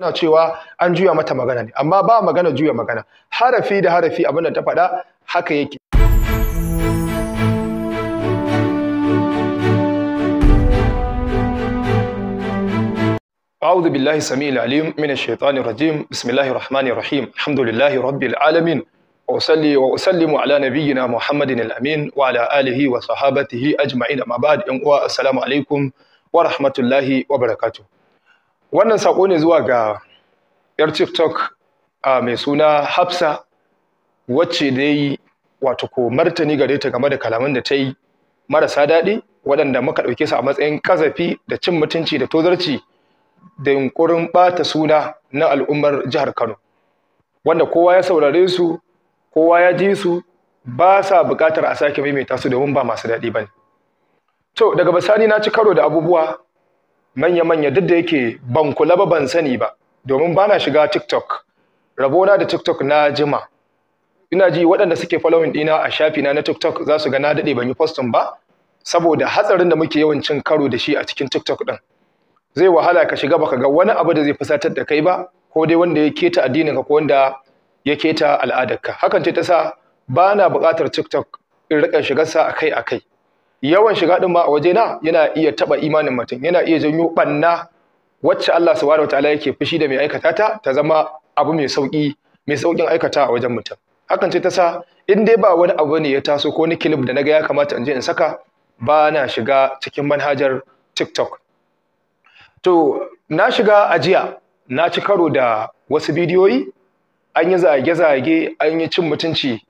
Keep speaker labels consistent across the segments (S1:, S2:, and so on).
S1: suna cewa an juya mata magana ne amma ba magana juya magana harafi da harafi abin da ta faɗa haka yake أعوذ بالله السميع العليم من الشيطان الرجيم بسم الله الرحمن الرحيم الحمد لله رب العالمين وأصلي وأسلم على نبينا محمد الأمين وعلى آله وصحابته أجمعين ما بعد السلام عليكم ورحمة الله وبركاته wannan saƙo ne zuwa ga yar tiktok a mai suna hafsa wacce da yi wato ko martani gare ta game da kalaman da ta yi marasa daɗi waɗanda muka ɗauke su a matsayin kazafi da cin mutunci da tozarci da yunƙurin ɓata suna na al'ummar jihar kano wanda kowa ya saurare su kowa ya ji su ba sa buƙatar a sake maimaita su domin ba masu daɗi ba ne to daga bisani na ci karo da abubuwa manya-manya duk da yake ban kula ba ban sani ba domin bana shiga TikTok rabona da TikTok na jima ina ji waɗanda suke following ɗina a shafi na na TikTok za su ga na daɗe ban yi postin ba saboda hatsarin da muke yawan cin karo da shi a cikin TikTok ɗin zai wahala ka shiga baka ga wani abu da zai fusatar da kai ba ko dai wanda ya keta addinin ka ko wanda ya keta al'adarka hakan ce ta sa bana na buƙatar TikTok in rika shigar sa akai-akai yawan shiga din ma a waje na yana iya taba imanin mutum yana iya janyo banna wacce Allah subhanahu wataala yake fushi da mai aikata ta ta zama abu mai sauki mai saukin aikata a wajen mutum hakan ce ta sa in dai ba wani abu ne ya taso ko ni clip da naga ya kamata in je in saka ba na shiga cikin manhajar TikTok to na shiga ajiya na ci karo da wasu bidiyoyi an yi zage-zage an yi cin mutunci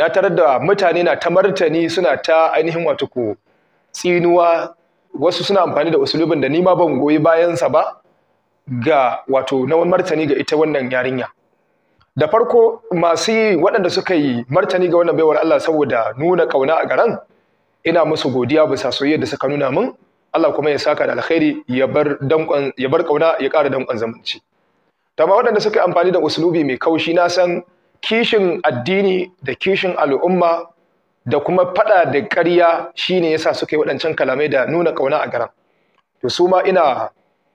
S1: na tarar da mutane na ta martani suna ta ainihin wato ko tsinuwa wasu suna amfani da usulubin da nima ban goyi bayansa ba ga wato na martani ga ita wannan yarinya da farko masu yi waɗanda suka yi martani ga wannan baiwar Allah saboda nuna ƙauna a garan ina musu godiya bisa soyayya da suka nuna min Allah kuma ya saka da alkhairi ya bar danƙon ya bar ƙauna ya ƙara danƙon zamanci to waɗanda suka yi amfani da usulubi mai kaushi na san kishin addini da kishin al'umma da kuma faɗa da ƙarya shine yasa suka yi waɗancan kalamai da nuna ƙauna a garan to su ma ina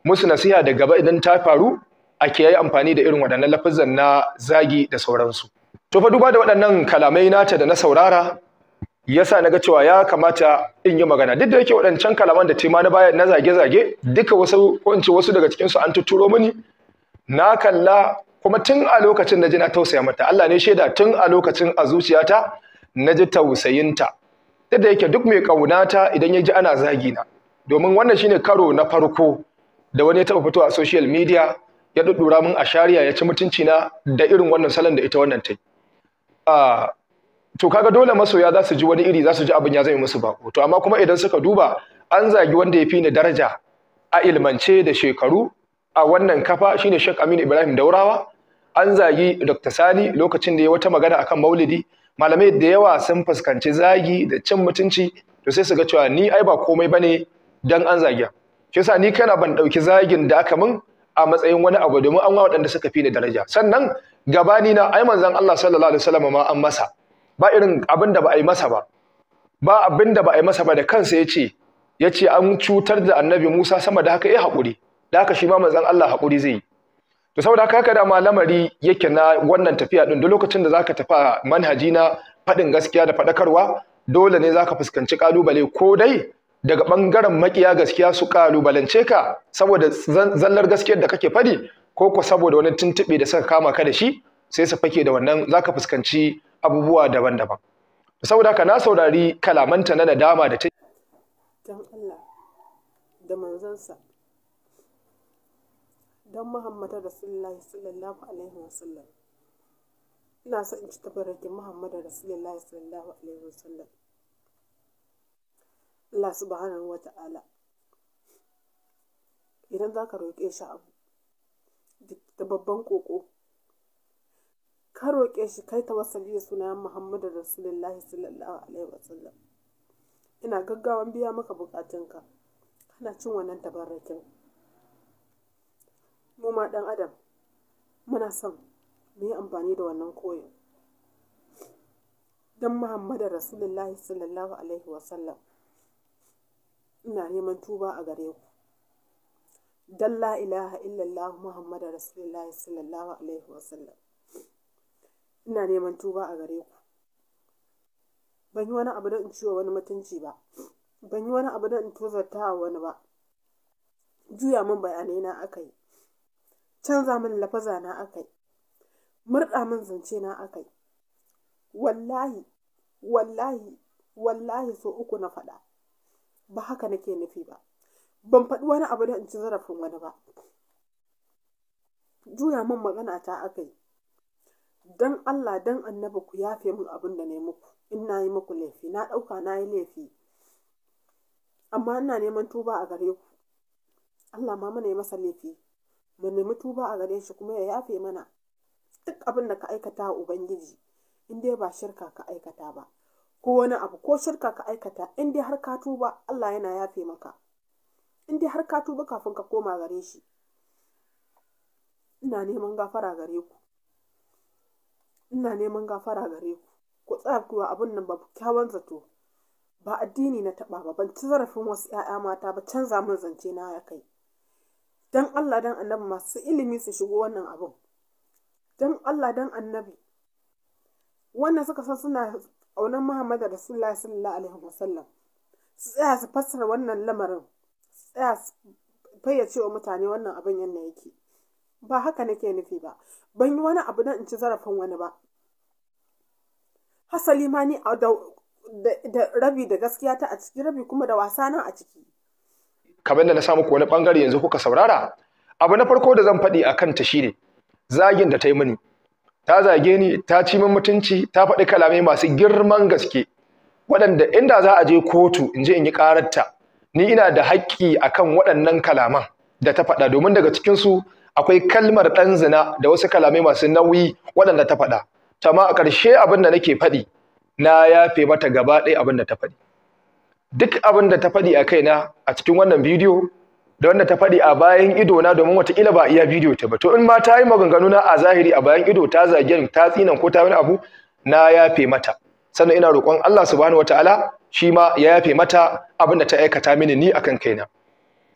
S1: musu nasiha da gaba idan ta faru a yi amfani da irin waɗannan lafazan na zagi da sauransu to fa duba da waɗannan kalamai nata da na saurara yasa naga cewa ya kamata in yi magana duk da yake waɗancan kalaman da ma na baya na zage-zage duka wasu ko wasu daga cikin su an tuturo mini na kalla kuma tun a lokacin na ji na tausaya mata Allah ne shaida tun a lokacin a zuciyata na ji tausayinta duk da yake duk mai ƙaunata idan ya ji ana zagi na domin wannan shine karo na farko da wani ya taɓa fitowa a social media ya ɗuɗɗura mun a shari'a ya ci mutunci na da irin wannan salon da ita wannan ta yi to kaga dole masoya za su ji wani iri za su ji abin ya zame musu bako to amma kuma idan suka duba an zagi wanda ya fi ni daraja a ilmance da shekaru a wannan kafa shine Sheikh Aminu Ibrahim Daurawa an zagi Dr. Sani lokacin da ya wata magana akan Maulidi malamai da yawa sun fuskanci zagi da cin mutunci to sai su ga cewa ni ai ba komai bane dan an zagiya shi yasa ni kana ban dauki zagin da aka min a matsayin wani abu domin an wa waɗanda suka fi ni daraja sannan gabani na ai manzon Allah sallallahu alaihi wasallam ma an masa ba irin abin da ba a yi masa ba ba abin da ba a yi masa ba da kansa yace yace an cutar da annabi Musa sama da haka eh hakuri da haka shi ma manzon Allah hakuri zai yi to saboda haka haka da lamari yake na wannan tafiya din duk lokacin da zaka tafi manhaji na faɗin gaskiya da faɗakarwa dole ne zaka fuskanci kalubale ko dai daga ɓangaren makiya gaskiya su kalubalance ka saboda zallar gaskiyar da kake faɗi ko ko saboda wani tuntuɓe da suka kama ka da shi sai su fake da wannan zaka fuskanci abubuwa daban-daban saboda haka na saurari kalamanta na nadama da ta
S2: dan Allah da manzansa dan Muhammadu Rasulullahi sallallahu alaihi wasallam ina so in ci tabarrakin Muhammadu Rasulullahi sallallahu alaihi wasallam Allah subhanahu wa ta'ala idan za ka roƙe shi abu da babban koko ka roƙe shi kai ta wasali da sunayen Muhammadu Rasulullahi sallallahu alaihi wasallam ina gaggawan biya maka bukatunka kana cin wannan tabarrakin mu ma ɗan adam muna son mu yi amfani da wannan koyon don muhammadu rasulullahi sallallahu alaihi wasallam ina neman tuba a gare ku don la ilaha illallah muhammadu rasulullahi sallallahu alaihi wasallam ina neman tuba a gare ku ban yi wani abu da in ciwo wani mutunci ba ban yi wani abu da in tozarta wani ba juya min bayanai na aka yi canza min lafaza na akai murɗa min zance na akai wallahi wallahi wallahi so uku na faɗa ba haka nake nufi ba ban faɗi wani abu da in ci zarafin wani ba juya min magana ta akai dan Allah dan annabi ku yafe min abin da na yi muku in na yi muku laifi na ɗauka na yi laifi amma ina neman tuba a gare ku Allah ma mana yi masa laifi mu nemi tuba a gare shi kuma ya yafe mana duk abin da ka aikata wa ubangiji in dai ba shirka ka aikata ba ko wani abu ko shirka ka aikata in dai har ka tuba Allah yana yafe maka in dai har ka tuba kafin ka koma gare shi ina neman gafara gare ku ina neman gafara gare ku ku tsaya abin nan ba kyawun zato ba addini na taba ba ban ci zarafin wasu 'ya'ya mata ba canza min zance na ya kai dan Allah dan annabi masu ilimi su shigo wannan abin dan Allah dan annabi wannan suka san suna aunan Muhammadu da sallallahu alaihi wasallam su tsaya su fassara wannan lamarin su tsaya su fayyace wa mutane wannan abin yadda yake ba haka nake nufi ba ban yi wani abu don in ci zarafin wani ba hasali ma ni da rabi da gaskiya ta a ciki rabi kuma da wasa na a ciki
S1: kamar da na samu wani bangare yanzu kuka saurara abu na farko da zan faɗi a kanta shi ne. zagin da ta yi mini ta zage ni ta ci min mutunci ta faɗi kalamai masu girman gaske waɗanda inda za a je kotu in je in yi ƙararta ni ina da haƙƙi a kan waɗannan kalaman da ta faɗa domin daga cikinsu akwai kalmar ɗan zina da wasu kalamai masu nauyi waɗanda ta faɗa. Tama a ƙarshe abin da nake faɗi na yafe mata gaba ɗaya abin da ta faɗi. duk abin da ta faɗi a kaina a cikin wannan bidiyo da wanda ta faɗi a bayan ido na domin ila ba iya bidiyo ta ba to in ma ta yi maganganu na a zahiri a bayan ido ta zage ta tsinan ko ta wani abu na yafe mata sannan ina roƙon Allah subhanahu wataala shi ma ya yafe mata abin da ta aikata mini ni akan kaina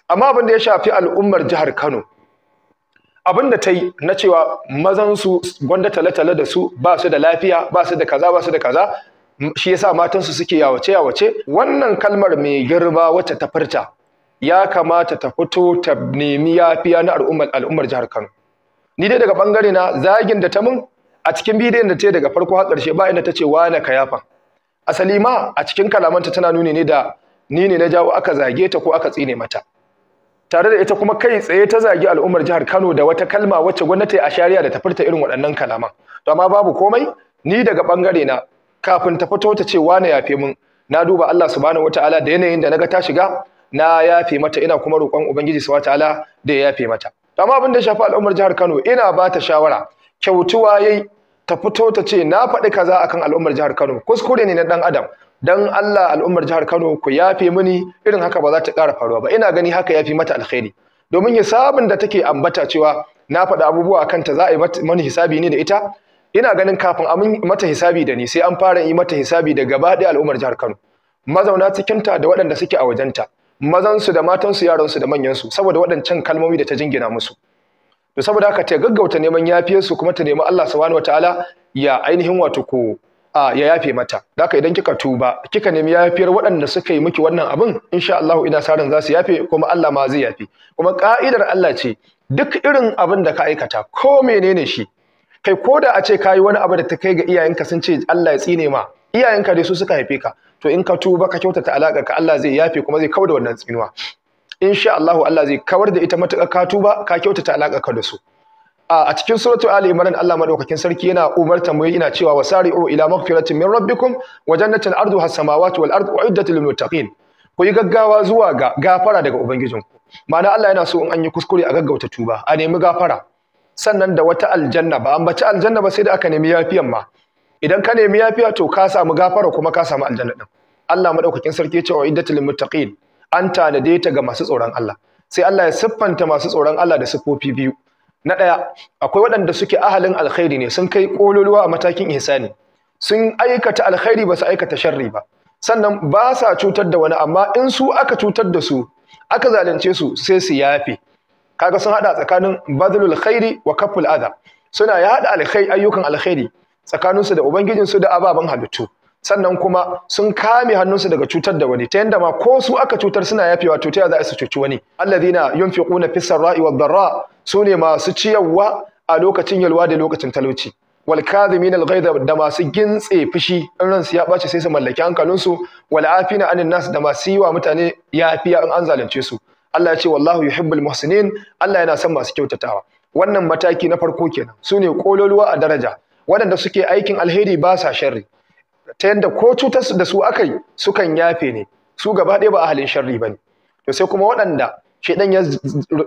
S1: amma abin da ya shafi al'ummar jihar Kano abin da ta yi na cewa mazan su gwanda tale-tale da su ba su da lafiya ba su da kaza ba su da kaza shi yasa matansu suke yawace yawace wannan kalmar mai girma wacce ta furta ya kamata ta fito ta nemi yafiya na al'ummar jihar Kano ni dai daga bangare na zagin da ta mun a cikin bidiyon da ta daga farko har karshe ba ina ta ce wa na yafa asali ma a cikin kalamanta tana nuni ne da ni ne na jawo aka zage ta ko aka tsine mata tare da ita kuma kai tsaye ta zagi al'ummar jihar Kano da wata kalma wacce gwamnati a shari'a da ta furta irin waɗannan kalaman to amma babu komai ni daga bangare na kafin ta fito ta ce wane yafe min na duba Allah subhanahu wataala da yanayin da naga ta shiga na yafe mata ina kuma roƙon ubangiji subhanahu wataala da ya yafe mata amma abin da shafi al'ummar jihar Kano ina ba ta shawara kyautuwa yayi ta fito ta ce na faɗi kaza akan al'ummar jihar Kano kuskure ne na dan adam dan Allah al'ummar jihar Kano ku yafe mini irin haka ba za ta ƙara faruwa ba ina gani haka yafi mata alkhairi domin hisabin da take ambata cewa na faɗa abubuwa kanta za a yi mani hisabi ne da ita ina ganin kafin a mata hisabi da ni sai an fara yi mata hisabi da gaba ɗaya al'ummar jihar Kano mazauna cikinta da waɗanda suke a wajenta su da matan su, matansu su da manyan su, saboda waɗancan kalmomi da ta jingina musu to saboda haka ta gaggauta neman yafiyarsu kuma ta nemi Allah subhanahu wataala ya ainihin wato ko a ya yafe mata haka idan kika tuba kika nemi yafiyar waɗanda suka yi miki wannan abin insha Allah ina sa ran za su yafe kuma Allah ma zai yafe kuma ka'idar Allah ce duk irin abin da ka aikata ko menene shi kai ko da a ce ka yi wani abu da ta kai ga iyayenka sun ce Allah ya tsine ma iyayenka dai su suka haife ka to in ka tuba ka kyautata alaƙa ka Allah zai yafe kuma zai kawar da wannan tsinuwa insha Allah Allah zai kawar da ita matuƙa ka tuba ka kyautata alaƙa ka da su a cikin suratu Ali Imran Allah madaukakin sarki yana umarta mu ina cewa wasari'u ila maghfiratin min rabbikum wa jannatin arduha samawati wal ardu uiddat lil muttaqin ku yi gaggawa zuwa ga gafara daga ubangijinku ma'ana Allah yana so in an yi kuskure a gaggauta tuba a nemi gafara sannan da wata aljanna ba an baci aljanna ba sai da aka nemi yafiyan ma idan ka nemi yafiya to ka samu gafara kuma ka samu aljanna din Allah madaukakin sarki ya ce wa iddatul muttaqin an tanade ta ga masu tsoron Allah sai Allah ya siffanta masu tsoron Allah da siffofi biyu na daya akwai waɗanda suke ahalin alkhairi ne sun kai kololuwa a matakin ihsani sun aikata alkhairi ba su aikata sharri ba sannan ba sa cutar da wani amma in su aka cutar da su aka zalunce su sai su yafe kaga sun hada tsakanin badlul khairi wa kaful adha suna ya hada ayyukan alkhairi tsakaninsu da ubangijinsu da ababen halittu sannan kuma sun kame hannunsu daga cutar da wani ta yanda ma ko su aka cutar suna yafewa to ta za su cuci wani alladhina yunfiquna fis sarra'i wad dharra sune masu ciyarwa a lokacin yalwa da lokacin talauci wal kadhimin al da masu gintse fushi in su ya bace sai su mallaki hankalinsu wal afina anin nas da masu yi wa mutane yafiya in an zalunce su Allah ya ce wallahu yuhibbul muhsinin Allah yana son masu kyautatawa wannan mataki na farko kenan su ne kololuwa a daraja waɗanda suke aikin alheri ba sa sharri ta yadda ko cutar da su aka yi sukan yafe ne su gaba ɗaya ba halin sharri ba ne to sai kuma waɗanda shedan ya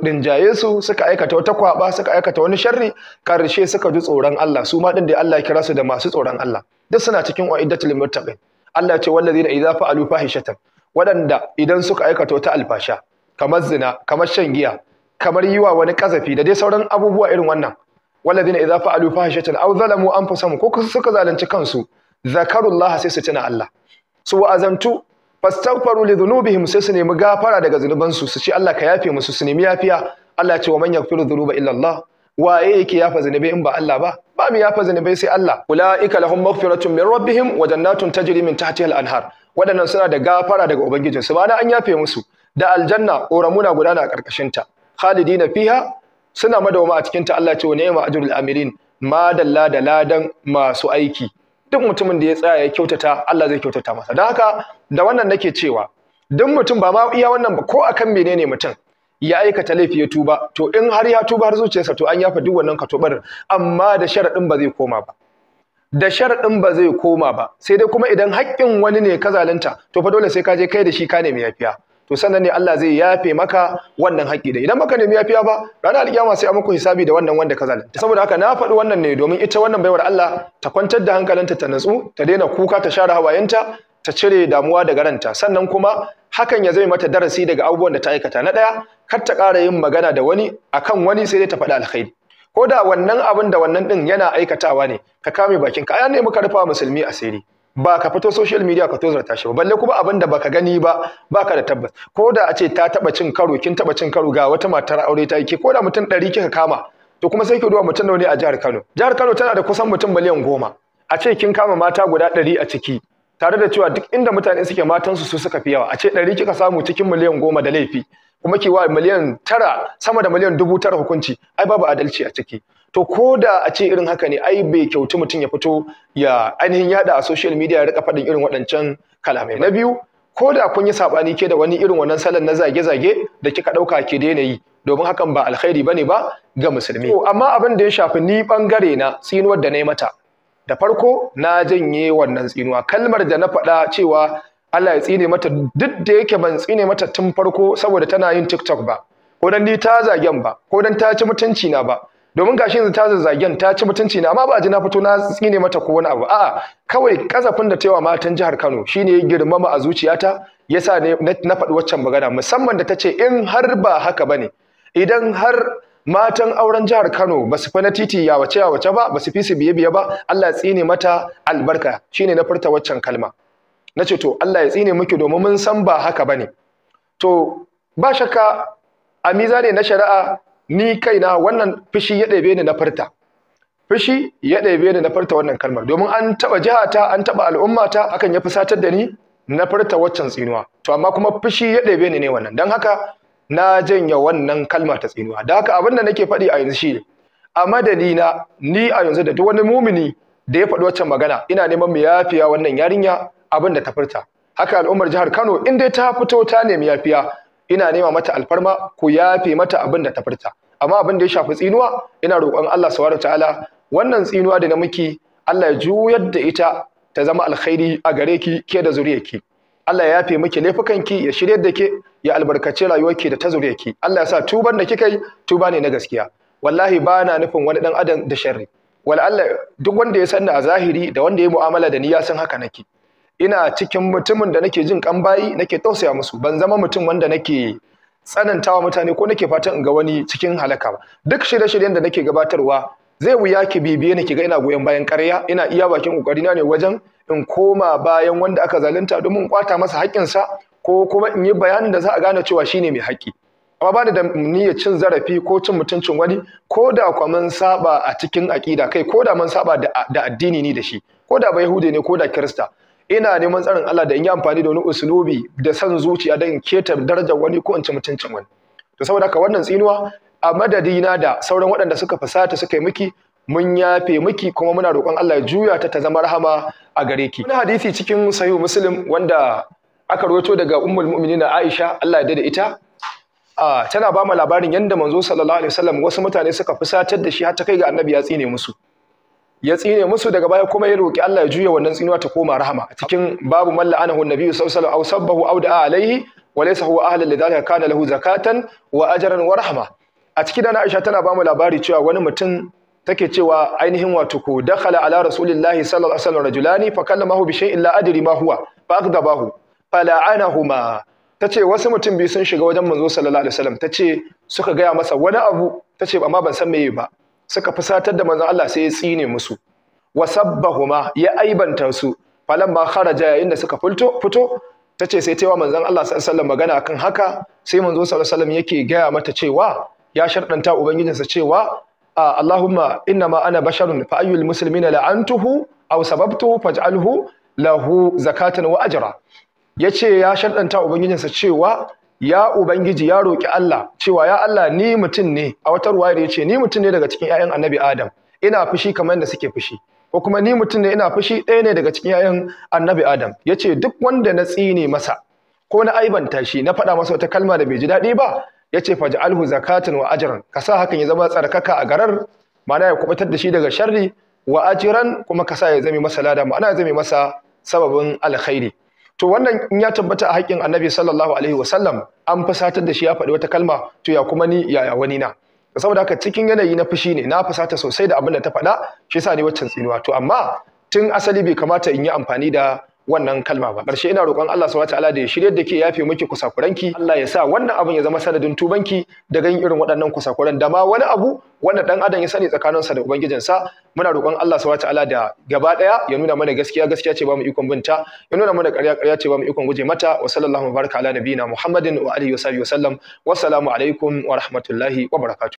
S1: rinjaye su suka aikata wata kwaba suka aikata wani sharri karshe suka ji tsoron Allah su ma din da Allah ya kira su da masu tsoron Allah duk suna cikin wa'iddatul muttaqin Allah ya ce wallazina idza fa'alu fahishatan waɗanda idan suka aikata wata alfasha kamar zina kamar shan giya kamar yiwa wani kasafi da dai sauran abubuwa irin wannan walladina idza fa'alu fahishatan aw zalamu anfusahum ko suka zalunci kansu zakarullaha sai su tuna Allah su wa'azantu fastaghfiru li dhunubihim sai su nemi gafara daga zunubansu su ce Allah ka yafe musu su nemi yafiya Allah ce wa man yaghfiru dhunuba illa Allah waye yake yafa zunubai in ba Allah ba ba mu yafa zunubai sai Allah ulaika lahum maghfiratun min rabbihim wa jannatun tajri min tahtiha al-anhar Waɗannan suna da gafara daga ubangijinsu ba na an yafe musu da aljanna ƙoramuna gudana a ƙarƙashinta. ta khalidina fiha suna madawama a cikin ta Allah ce wa ni'ma ajrul amirin ma dalla da ladan masu aiki duk mutumin da ya tsaya ya kyautata Allah zai kyautata masa don haka da wannan nake cewa duk mutum ba ma iya wannan ba ko akan menene mutum ya aikata laifi ya tuba to in har ya tuba har zuciyarsa to an yafa duk wannan katobar amma da sharadin ba zai koma ba da sharadin ba zai koma ba sai dai kuma idan haƙƙin wani ne ka zalunta to fa dole sai ka je kai da shi ka nemi yafiya to sannan ne Allah zai yafe maka wannan haƙƙi da idan baka nemi yafiya ba ranar alƙiyama sai a muku hisabi da wannan wanda ka zalunta saboda haka na faɗi wannan ne domin ita wannan baiwar Allah ta kwantar da hankalinta ta natsu ta daina kuka ta share hawayenta ta cire damuwa daga ranta sannan kuma hakan ya zai mata darasi daga abubuwan da ta aikata na ɗaya kar ta ƙara yin magana da wani akan wani sai dai ta faɗi alkhairi ko da wannan abin da wannan ɗin yana aikatawa ne ka kame bakinka ai ne muka rufa musulmi asiri ba ka fito social media ka tozarta tashi ba balle kuma abinda baka gani ba baka da tabbas ko a ce ta taba cin karo kin taba cin karo ga wata matar aure ta yake ko da mutum ɗari kika kama to kuma sai ki duba mutum nawa ne a jihar Kano jihar Kano tana da kusan mutum miliyan goma a ce kin kama mata guda ɗari a ciki tare da cewa duk inda mutane suke matan su su suka fi yawa a ce ɗari kika samu cikin miliyan goma da laifi kuma ki wa miliyan tara sama da miliyan dubu tara hukunci ai babu adalci a ciki to ko da a ce irin haka ne ai bai kyautu mutum ya fito ya ainihin yada a social media ya rika faɗin irin waɗancan kalamai na biyu ko da kun yi saɓani ke da wani irin wannan salon na zage-zage da kika ɗauka ke daina yi domin hakan ba alkhairi ne ba ga musulmi to amma abin da ya shafi ni bangare na tsinuwar da na yi mata da farko na janye wannan tsinuwa kalmar da na faɗa cewa Allah ya tsine mata duk da yake ban tsine mata tun farko saboda tana yin TikTok ba ko dan ni ta zagen ba ko dan ta ci mutunci na ba domin gashi yanzu ta zazzagen ta ci mutunci na amma ba ji na fito na tsine mata ko wani abu a'a kawai kazafin da taiwa matan jihar Kano shine girmama a zuciyata yasa ne na faɗi waccan magana musamman da ta ce in har ba haka bane idan har matan auren jihar Kano ba su na titi ya wace ya wace ba ba su fi su biye biye ba Allah ya tsine mata albarka shine na furta waccan kalma nace to Allah ya tsine miki domin mun san ba haka bane to ba shakka a mizani na shari'a ni kaina wannan fishi ya ɗebe ni na farta fishi ya ɗebe ni na farta wannan kalmar domin an taɓa jihata an taɓa al'ummata akan ya fusatar da ni na farta waccan tsinuwa to amma kuma fishi ya ɗebe ni ne wannan don haka na janya wannan kalma ta tsinuwa da haka abin da nake faɗi a yanzu shi ne a madadina ni a yanzu da duk wani mumini da ya faɗi waccan magana ina neman mu yafiya wannan yarinya abin da ta furta haka al'ummar jihar Kano in dai ta fito ta nemi yafiya ina nema mata alfarma ku yafe mata abin da ta furta amma abin da ya shafi tsinuwa ina roƙon Allah subhanahu ta'ala wannan tsinuwa da na miki Allah ya juyar da ita ta zama alkhairi a gare ki ke da zuriyarki Allah ya yafe miki ki ya shiryar da ke ya albarkace rayuwarki da ta zuriyarki Allah ya sa tuban da kika yi tuba ne na gaskiya wallahi ba na nufin wani dan adam da sharri wal Allah duk wanda ya sanna a zahiri da wanda ya mu'amala da ni ya san haka nake ina cikin mutumin da nake jin kambayi nake tausaya musu ban zama mutum wanda nake tsanantawa mutane ko nake fatan in ga wani cikin halaka ba duk shirye-shiryen da nake gabatarwa zai wuya ki bibiye ni ki ga ina goyon bayan ƙarya ina iya bakin kokarina ne wajen in koma bayan wanda aka zalunta domin kwata masa haƙƙinsa ko kuma in yi bayanin da za a gane cewa shine mai haƙƙi amma ba da niyyar cin zarafi ko cin mutuncin wani ko da kwa mun saba a cikin aƙida kai ko da mun saba da addini ni da shi ko da ba Yahude ne ko da Kirista ina neman tsarin Allah da in yi amfani da wani usulubi da san zuciya don in keta darajar wani ko in ci mutuncin wani to saboda haka wannan tsinuwa a madadina da sauran waɗanda suka fasata suka yi miki mun yafe miki kuma muna roƙon Allah ya juya ta ta zama rahama a gare ki wani hadisi cikin sahih muslim wanda aka rawaito daga ummul mu'minina Aisha Allah ya dade ita tana ba mu labarin yadda manzo sallallahu alaihi wasallam wasu mutane suka fusatar da shi har ta kai ga annabi ya tsine musu ya tsine musu daga baya kuma ya roki Allah ya juya wannan tsinuwa ta koma rahama a cikin babu malla anahu nabiyyu sallallahu alaihi wasallam aw sabbahu aw da'a alaihi wa laysa huwa ahlan kana lahu zakatan wa ajran wa a cikin dana Aisha tana bamu labari cewa wani mutum take cewa ainihin wato ko dakhala ala rasulillahi sallallahu alaihi wasallam rajulani fa kallamahu bi shay'in la adri ma huwa fa aghdabahu tace wasu mutum biyu sun shiga wajen manzo sallallahu alaihi wasallam tace suka gaya masa wani abu tace amma ban san meye ba suka fusatar da manzon Allah sai ya tsine musu wasabbahuma ya aibanta su falamma kharaja yayin da suka fito fito tace sai cewa manzon Allah sallallahu alaihi wasallam magana akan haka sai manzon sallallahu alaihi wasallam yake gaya mata cewa ya sharɗanta ubangijinsa cewa Allahumma innama ana basharun fa ayyul muslimina la'antuhu aw sababtuhu faj'alhu lahu zakatan wa ajra yace ya shardanta ubangijinsa cewa ya ubangiji ya roki Allah cewa ya Allah ni mutum ne a wata ruwaya ya ce ni mutum ne daga cikin ƴaƴan annabi Adam ina fushi kamar da suke fushi ko kuma ni mutum ne ina fushi ɗaya ne daga cikin ƴaƴan annabi Adam yace duk wanda na tsine masa ko na aibanta shi na faɗa masa wata kalma da bai ji daɗi ba yace faj'alhu zakatan wa ajran ka sa hakan ya zama tsarkaka a garar ma'ana ya kubutar da shi daga sharri wa ajran kuma ka sa ya zame masa lada ma'ana ya zame masa sababin alkhairi to wannan in ya tabbata a haƙƙin annabi sallallahu alaihi wasallam an fusatar da shi ya faɗi wata kalma to ya kuma ni yaya wani na saboda haka cikin yanayi na fushi ne na fusata sosai da abin da ta faɗa shi yasa ne waccan tsinuwa to amma tun asali bai kamata in yi amfani da wannan kalma ba karshe ina roƙon Allah subhanahu wataala da ya shirye da ke yafe miki kusakuranki Allah ya sa wannan abin ya zama sanadin tubanki da ganin irin waɗannan kusakuran da ma wani abu wanda dan adam ya sani tsakaninsa da ubangijinsa muna roƙon Allah subhanahu wataala da gaba ɗaya ya nuna mana gaskiya gaskiya ce ba mu ikon binta ya nuna mana ƙarya ƙarya ce ba mu ikon guje mata wa sallallahu baraka ala nabiyina Muhammadin wa alihi wa sahbihi wa sallam alaikum wa rahmatullahi wa barakatuh